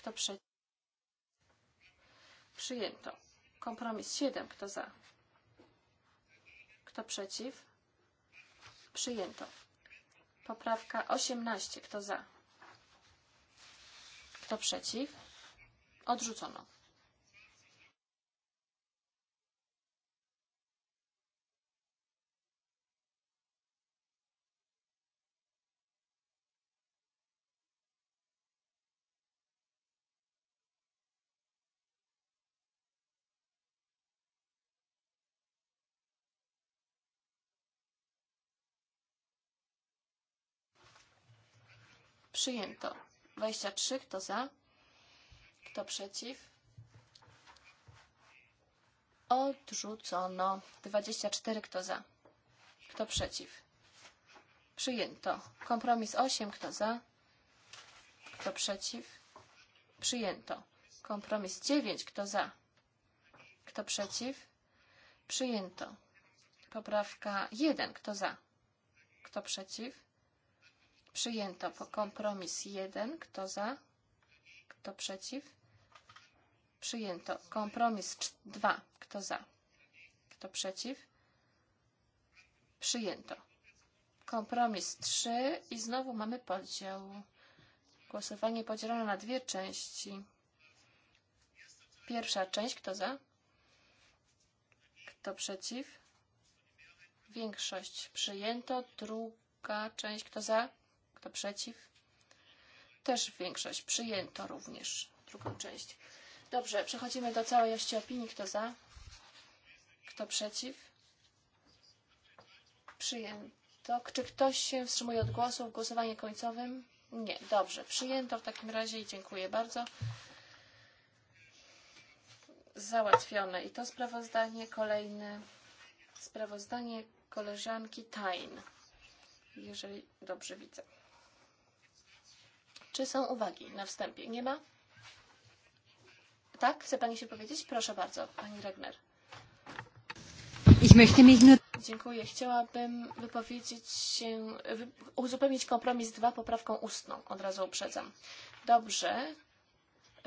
Kto przeciw? Przyjęto. Kompromis 7. Kto za? Kto przeciw? Przyjęto. Poprawka 18. Kto za? Kto przeciw? Odrzucono. Przyjęto. 23. Kto za? Kto przeciw? Odrzucono. 24. Kto za? Kto przeciw? Przyjęto. Kompromis 8. Kto za? Kto przeciw? Przyjęto. Kompromis 9. Kto za? Kto przeciw? Przyjęto. Poprawka 1. Kto za? Kto przeciw? Przyjęto kompromis 1. Kto za? Kto przeciw? Przyjęto kompromis 2. Kto za? Kto przeciw? Przyjęto. Kompromis 3 i znowu mamy podział. Głosowanie podzielone na dwie części. Pierwsza część, kto za? Kto przeciw? Większość przyjęto. Druga część, kto za? Kto przeciw? Też większość. Przyjęto również drugą część. Dobrze, przechodzimy do całej jeszcze opinii. Kto za? Kto przeciw? Przyjęto. Czy ktoś się wstrzymuje od głosu w głosowaniu końcowym? Nie. Dobrze, przyjęto w takim razie i dziękuję bardzo. Załatwione. I to sprawozdanie kolejne. Sprawozdanie koleżanki Tain, jeżeli dobrze widzę. Czy są uwagi na wstępie? Nie ma? Tak? Chce Pani się powiedzieć? Proszę bardzo, Pani Regner. Dziękuję. Chciałabym wypowiedzieć się, uzupełnić kompromis dwa poprawką ustną. Od razu uprzedzam. Dobrze.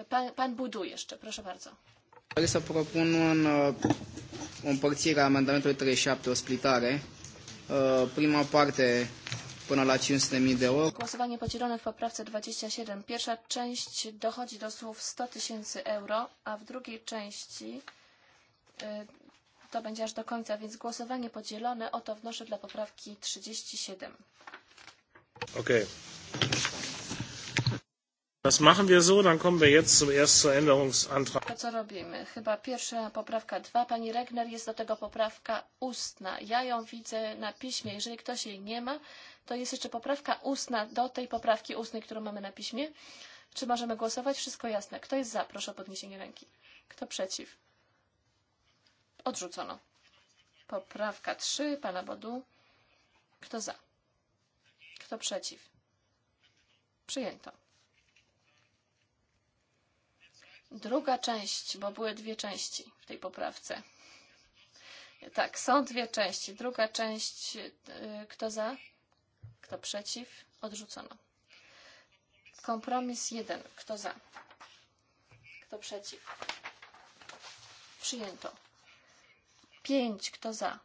Pan, pan Budu jeszcze, proszę bardzo. Doresc să propun un, e, o împărțire amendamentului 37, o splitare. E, prima parte ponad la 500.000 de Głosowanie podzielone w poprawce 27. Pierwsza część dochodzi do słów 100 tysięcy euro, a w drugiej części to będzie aż do końca, więc głosowanie podzielone o to wnoszę dla poprawki 37. Okej. Okay. Das machen wir so, dann kommen wir jetzt zum ersten Änderungsantrag. To co robimy? Chyba pierwsza poprawka 2. Pani Regner jest do tego poprawka ustna. Ja ją widzę na piśmie. Jeżeli ktoś jej nie ma, to jest jeszcze poprawka ustna do tej poprawki ustnej, którą mamy na piśmie. Czy możemy głosować? Wszystko jasne. Kto jest za? Proszę o podniesienie ręki. Kto przeciw? Odrzucono. Poprawka 3 pana Bodu. Kto za? Kto przeciw? Przyjęto. Druga część, bo były dwie części w tej poprawce. Tak, są dwie części. Druga część, kto za, kto przeciw, odrzucono. Kompromis jeden, kto za, kto przeciw, przyjęto. Pięć, kto za.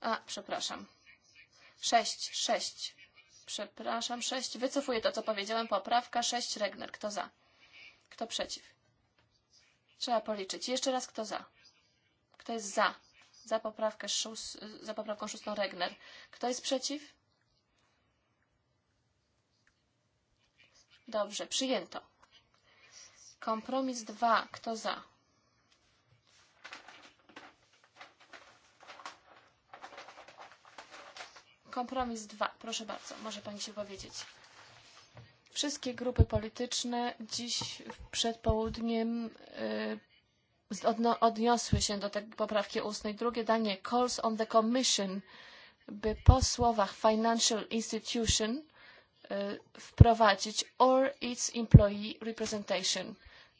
A, przepraszam. Sześć, sześć, przepraszam, 6, wycofuję to, co powiedziałem, poprawka 6, Regner, kto za? Kto przeciw? Trzeba policzyć. Jeszcze raz, kto za? Kto jest za? Za, poprawkę szóst, za poprawką szóstą Regner. Kto jest przeciw? Dobrze, przyjęto. Kompromis 2, kto za? Kompromis 2. Proszę bardzo, może Pani się powiedzieć. Wszystkie grupy polityczne dziś przed południem odniosły się do tej poprawki ustnej. Drugie danie calls on the Commission, by po słowach financial institution wprowadzić or its employee representation,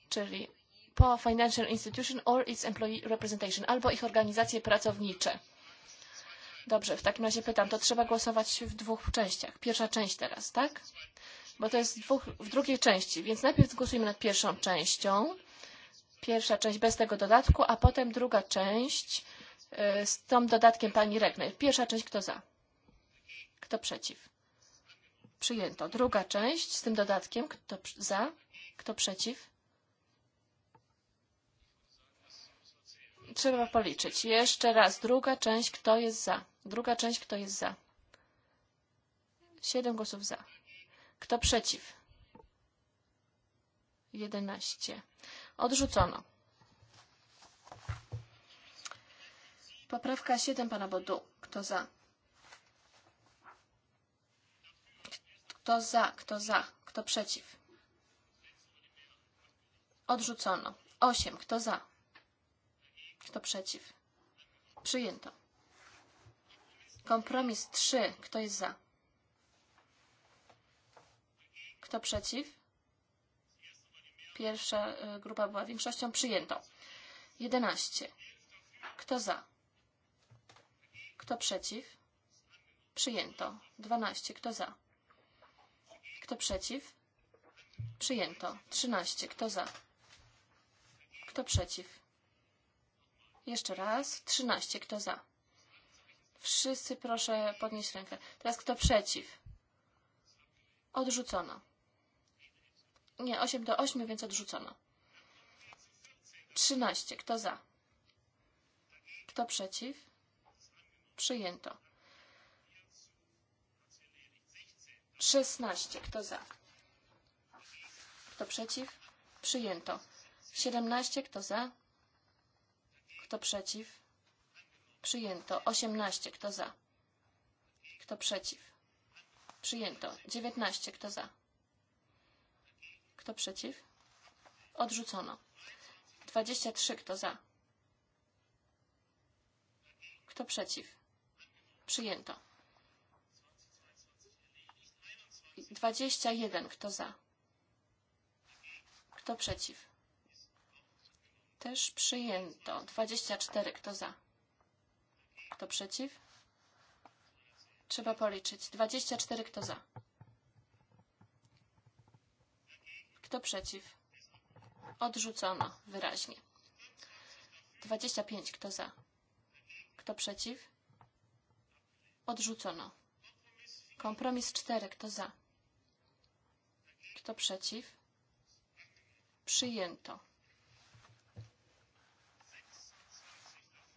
czyli po financial institution or its employee representation, albo ich organizacje pracownicze. Dobrze, w takim razie pytam, to trzeba głosować w dwóch częściach. Pierwsza część teraz, tak? Bo to jest dwóch, w drugiej części, więc najpierw głosujemy nad pierwszą częścią. Pierwsza część bez tego dodatku, a potem druga część z tą dodatkiem pani Regner. Pierwsza część kto za? Kto przeciw? Przyjęto. Druga część z tym dodatkiem kto za? Kto przeciw? Trzeba policzyć. Jeszcze raz. Druga część. Kto jest za? Druga część, kto jest za? Siedem głosów za. Kto przeciw? Jedenaście. Odrzucono. Poprawka 7 pana Bodu. Kto za? Kto za? Kto za? Kto przeciw? Odrzucono. 8. Kto za? Kto przeciw? Przyjęto. Kompromis 3. Kto jest za? Kto przeciw? Pierwsza grupa była większością przyjętą. 11. Kto za? Kto przeciw? Przyjęto. 12. Kto za? Kto przeciw? Przyjęto. 13. Kto za? Kto przeciw? Jeszcze raz. 13. Kto za? Wszyscy proszę podnieść rękę. Teraz kto przeciw? Odrzucono. Nie, 8 do 8, więc odrzucono. 13. Kto za? Kto przeciw? Przyjęto. 16. Kto za? Kto przeciw? Przyjęto. 17. Kto za? Kto przeciw? Przyjęto. 18. Kto za? Kto przeciw? Przyjęto. 19. Kto za? Kto przeciw? Odrzucono. 23. Kto za? Kto przeciw? Przyjęto. 21. Kto za? Kto przeciw? Też przyjęto. 24. Kto za? Kto przeciw? Trzeba policzyć. 24 kto za. Kto przeciw? Odrzucono wyraźnie. 25 kto za. Kto przeciw? Odrzucono. Kompromis 4 kto za. Kto przeciw? Przyjęto.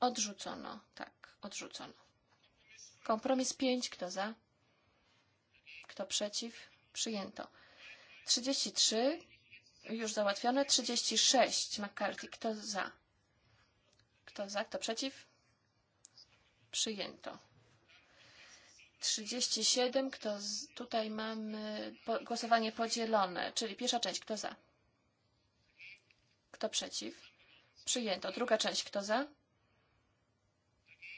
Odrzucono, tak, odrzucono. Kompromis 5, kto za? Kto przeciw? Przyjęto. 33, już załatwione. 36, McCarthy, kto za? Kto za, kto przeciw? Przyjęto. 37, kto z, tutaj mamy po, głosowanie podzielone, czyli pierwsza część, kto za? Kto przeciw? Przyjęto. Druga część, kto za?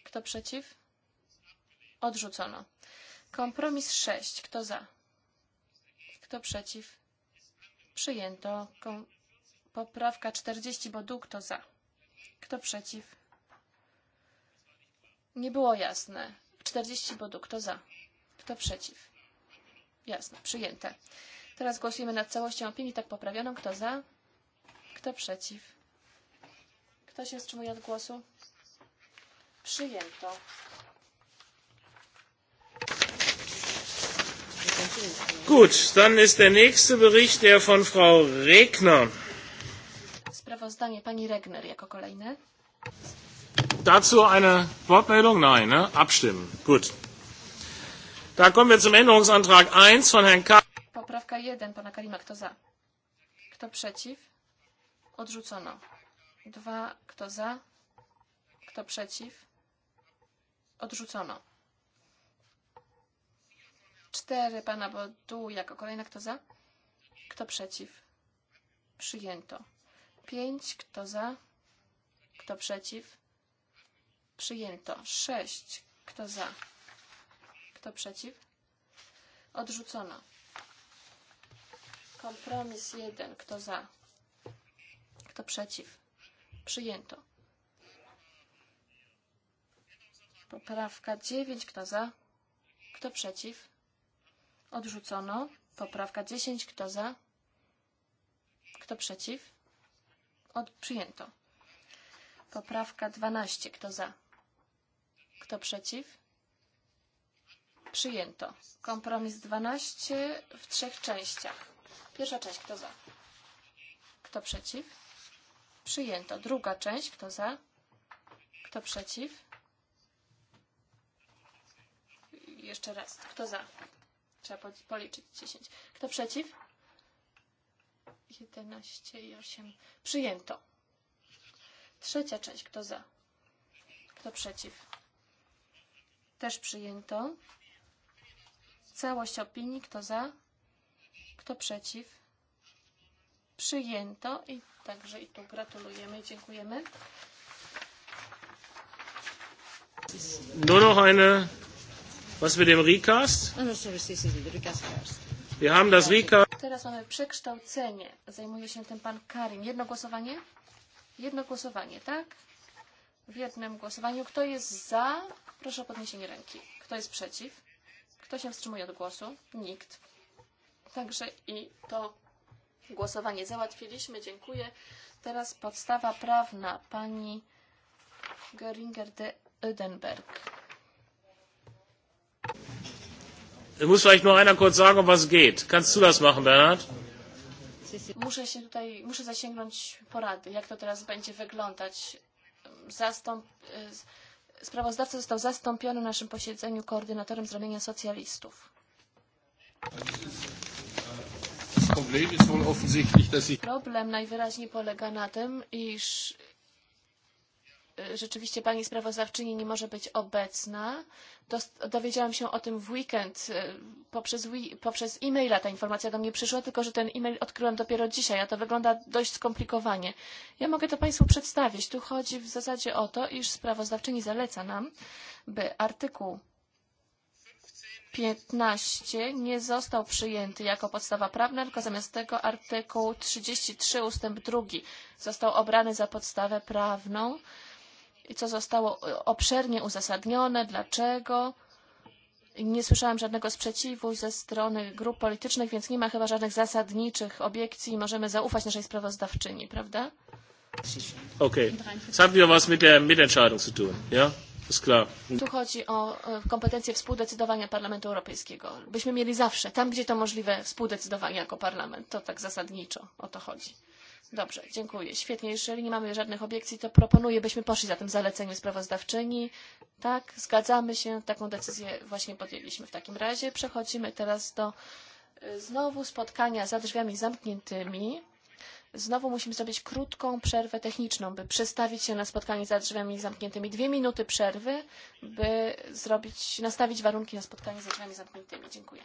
Kto przeciw? Odrzucono. Kompromis 6. Kto za? Kto przeciw? Przyjęto. Kom poprawka 40 dług Kto za? Kto przeciw? Nie było jasne. 40 Bodu. Kto za? Kto przeciw? Jasne. Przyjęte. Teraz głosujemy nad całością opinii tak poprawioną. Kto za? Kto przeciw? Kto się wstrzymuje od głosu? Przyjęto. Gut, dann ist der nächste Bericht der von Frau Regner. Sprawozdanie pani Regner jako kolejne. Dazu eine Wortmeldung? Nein, ne? Abstimmen. Gut. Da kommen wir zum Änderungsantrag 1 von Herrn K. Poprawka 1 pana Karima. Kto za? Kto przeciw? Odrzucono. 2. Kto za? Kto przeciw? Odrzucono. Cztery pana bo tu jako kolejna. Kto za? Kto przeciw? Przyjęto. Pięć. Kto za? Kto przeciw? Przyjęto. Sześć. Kto za? Kto przeciw? Odrzucono. Kompromis jeden. Kto za? Kto przeciw? Przyjęto. Poprawka 9. Kto za? Kto przeciw? Odrzucono. Poprawka 10. Kto za? Kto przeciw? Od, przyjęto. Poprawka 12. Kto za? Kto przeciw? Przyjęto. Kompromis 12 w trzech częściach. Pierwsza część. Kto za? Kto przeciw? Przyjęto. Druga część. Kto za? Kto przeciw? Jeszcze raz. Kto za? Trzeba policzyć 10. Kto przeciw? 11 i 8. Przyjęto. Trzecia część. Kto za? Kto przeciw? Też przyjęto. Całość opinii. Kto za? Kto przeciw? Przyjęto i także i tu gratulujemy i dziękujemy. Nur noch eine Was mit dem Recast? No, no, Wir haben das Recast. Teraz mamy przekształcenie. Zajmuje się tym pan Karim. Jedno głosowanie? Jedno głosowanie, tak? W jednym głosowaniu. Kto jest za? Proszę o podniesienie ręki. Kto jest przeciw? Kto się wstrzymuje od głosu? Nikt. Także i to głosowanie załatwiliśmy. Dziękuję. Teraz podstawa prawna pani Göringer de Ödenberg. Muss vielleicht nur einer kurz sagen, um was es geht. Kannst du das machen, Bernhard? Muszę się tutaj, muszę zasięgnąć porady, jak to teraz będzie wyglądać. Zastąp, e, sprawozdawca został zastąpiony na naszym posiedzeniu koordynatorem z ramienia socjalistów. Problem najwyraźniej polega na tym, iż rzeczywiście pani sprawozdawczyni nie może być obecna. Dowiedziałam się o tym w weekend e, poprzez, poprzez e-maila ta informacja do mnie przyszła, tylko że ten e-mail odkryłam dopiero dzisiaj, a to wygląda dość skomplikowanie. Ja mogę to Państwu przedstawić. Tu chodzi w zasadzie o to, iż sprawozdawczyni zaleca nam, by artykuł 15 nie został przyjęty jako podstawa prawna, tylko zamiast tego artykuł 33 ustęp 2 został obrany za podstawę prawną i co zostało obszernie uzasadnione, dlaczego. Nie słyszałam żadnego sprzeciwu ze strony grup politycznych, więc nie ma chyba żadnych zasadniczych obiekcji i możemy zaufać naszej sprawozdawczyni, prawda? Okay. Das hat wieder was mit der Mitentscheidung zu tun, ja? Ist klar. Tu chodzi o e, kompetencje współdecydowania Parlamentu Europejskiego. Byśmy mieli zawsze, tam gdzie to możliwe, współdecydowanie jako parlament. To tak zasadniczo o to chodzi. Dobrze, dziękuję. Świetnie. Jeżeli nie mamy żadnych obiekcji, to proponuję, byśmy poszli za tym zaleceniem sprawozdawczyni. Tak, zgadzamy się. Taką decyzję właśnie podjęliśmy. W takim razie przechodzimy teraz do znowu spotkania za drzwiami zamkniętymi. Znowu musimy zrobić krótką przerwę techniczną, by przestawić się na spotkanie za drzwiami zamkniętymi. Dwie minuty przerwy, by zrobić, nastawić warunki na spotkanie za drzwiami zamkniętymi. Dziękuję.